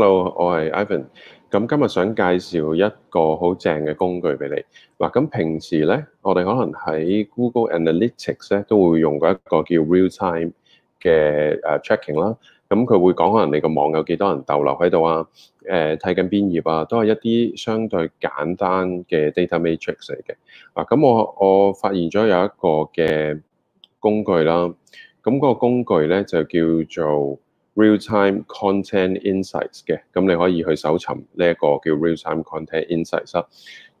Hello，我係 Ivan。咁今日想介紹一個好正嘅工具俾你。嗱，咁平時咧，我哋可能喺 Google Analytics 咧都會用過一個叫 Real Time 嘅誒 tracking 啦。咁佢會講可能你個網有幾多人逗留喺度啊？誒，睇緊邊頁啊？都係一啲相對簡單嘅 data matrix 嚟嘅。嗱，咁我我發現咗有一個嘅工具啦。咁個工具咧就叫做 Real-time content insights 嘅，咁你可以去搜尋呢一個叫 Real-time content insights。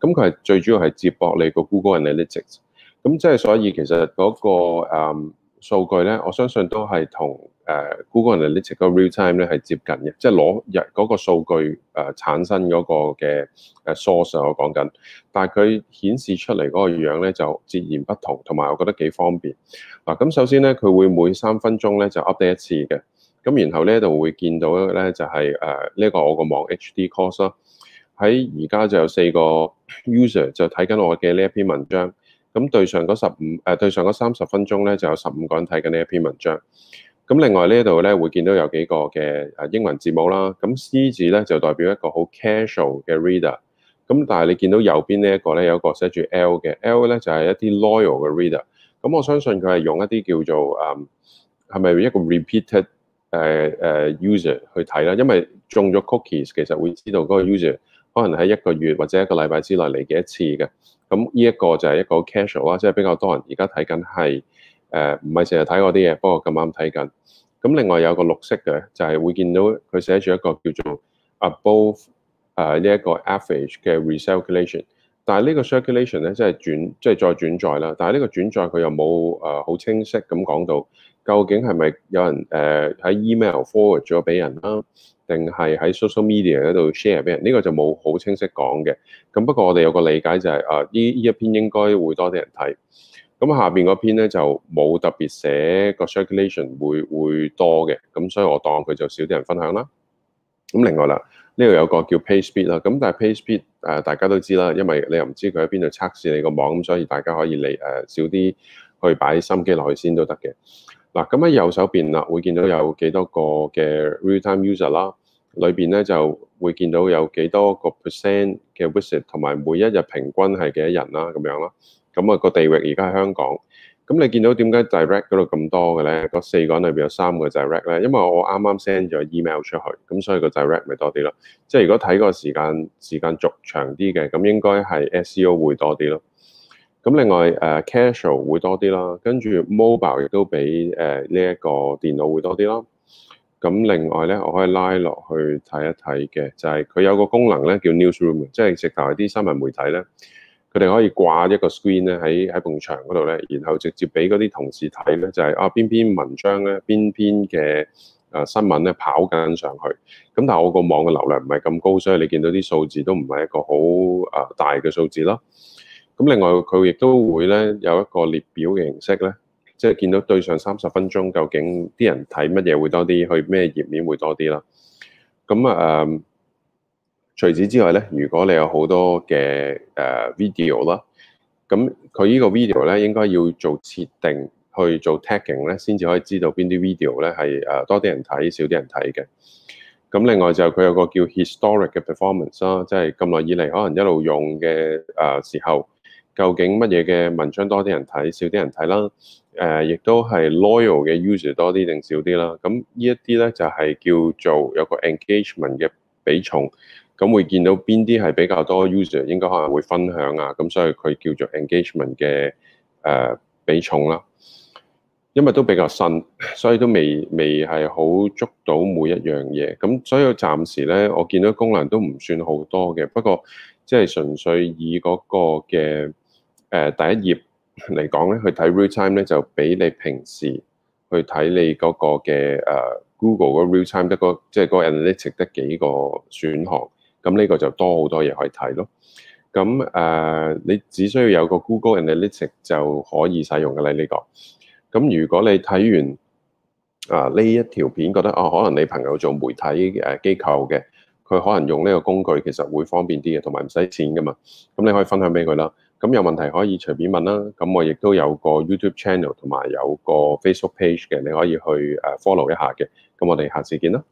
咁佢係最主要係接駁你個 Google Analytics。咁即係所以其實嗰個誒數據咧，我相信都係同誒 Google Analytics 個 real-time 咧係接近嘅，即係攞日嗰個數據誒產生嗰個嘅誒 source 我講緊，但係佢顯示出嚟嗰個樣咧就截然不同，同埋我覺得幾方便嗱。咁首先咧，佢會每三分鐘咧就 update 一次嘅。咁然後呢度會見到咧就係誒呢個我個網 HD course 啦，喺而家就有四個 user 就睇緊我嘅呢一篇文章。咁對上嗰十五，誒對上嗰三十分鐘咧就有十五個人睇緊呢一篇文章。咁另外呢度咧會見到有幾個嘅英文字母啦。咁 C 字咧就代表一個好 casual 嘅 reader。咁但係你見到右邊呢一個咧有一個寫住 L 嘅 L 咧就係一啲 loyal 嘅 reader。咁我相信佢係用一啲叫做誒係咪一個 repeated？誒誒、uh, user 去睇啦，因為中咗 cookies 其實會知道嗰個 user 可能喺一個月或者一個禮拜之內嚟幾次嘅。咁呢一個就係一個 casual 啦，即係比較多人而家睇緊係誒，唔係成日睇嗰啲嘢，不過咁啱睇緊。咁另外有個綠色嘅就係、是、會見到佢寫住一個叫做 above 誒呢一個 average 嘅 recirculation，但係呢個 circulation 咧即係轉即係、就是、再轉載啦。但係呢個轉載佢又冇誒好清晰咁講到。究竟係咪有人誒喺 email forward 咗俾人啦，定係喺 social media 嗰度 share 俾人呢？呢、這個就冇好清晰講嘅。咁不過我哋有個理解就係、是、啊，呢呢一篇應該會多啲人睇。咁下邊嗰篇咧就冇特別寫、那個 circulation 會會多嘅，咁所以我當佢就少啲人分享啦。咁另外啦，呢度有個叫 Pace Speed 啦，咁但係 Pace Speed 誒大家都知啦，因為你又唔知佢喺邊度測試你個網，咁所以大家可以嚟誒、啊、少啲去擺心機落去先都得嘅。嗱，咁喺右手邊啦，會見到有幾多個嘅 real-time user 啦，裏邊咧就會見到有幾多個 percent 嘅 visit，同埋每一日平均係幾多人啦，咁樣咯。咁、那、啊個地域而家係香港，咁你見到點解 direct 嗰度咁多嘅咧？嗰四個人裏邊有三個 direct 咧，因為我啱啱 send 咗 email 出去，咁所以個 direct 咪多啲咯。即係如果睇個時間時間續長啲嘅，咁應該係 SEO 會多啲咯。咁另外誒、啊、casual 會多啲啦，跟住 mobile 亦都比誒呢一個電腦會多啲啦。咁、啊、另外咧，我可以拉落去睇一睇嘅，就係、是、佢有個功能咧，叫 newsroom，即係直頭係啲新聞媒體咧，佢哋可以掛一個 screen 咧喺喺埲牆嗰度咧，然後直接俾嗰啲同事睇咧，就係、是、啊邊篇文章咧，邊篇嘅誒、啊、新聞咧跑緊上去。咁但係我個網嘅流量唔係咁高，所以你見到啲數字都唔係一個好誒大嘅數字咯。咁另外佢亦都會咧有一個列表嘅形式咧，即係見到對上三十分鐘，究竟啲人睇乜嘢會多啲，去咩頁面會多啲啦。咁、嗯、啊，除此之外咧，如果你有好多嘅誒 video 啦，咁佢呢個 video 咧應該要做設定去做 tagging 咧，先至可以知道邊啲 video 咧係誒多啲人睇、少啲人睇嘅。咁另外就佢有個叫 historic 嘅 performance 啦，即係咁耐以嚟可能一路用嘅誒時候。究竟乜嘢嘅文章多啲人睇，少啲人睇啦？誒、呃，亦都係 loyal 嘅 user 多啲定少啲啦？咁呢一啲咧就係、是、叫做有個 engagement 嘅比重，咁會見到邊啲係比較多 user 應該可能會分享啊，咁所以佢叫做 engagement 嘅誒、呃、比重啦。因為都比較新，所以都未未係好捉到每一樣嘢，咁所以我暫時咧我見到功能都唔算好多嘅，不過即係純粹以嗰個嘅。誒第一頁嚟講咧，去睇 real time 咧，就比你平時去睇你嗰個嘅誒、uh, Google 嗰 real time 得、嗰個，即係嗰個 analytics 得幾個選項。咁呢個就多好多嘢可以睇咯。咁誒，uh, 你只需要有個 Google Analytics 就可以使用嘅咧呢、呢個。咁如果你睇完啊呢一條片，覺得哦，可能你朋友做媒體誒機構嘅，佢可能用呢個工具其實會方便啲嘅，同埋唔使錢噶嘛。咁你可以分享俾佢啦。咁有問題可以隨便問啦，咁我亦都有個 YouTube channel 同埋有個 Facebook page 嘅，你可以去 follow 一下嘅，咁我哋下次見啦。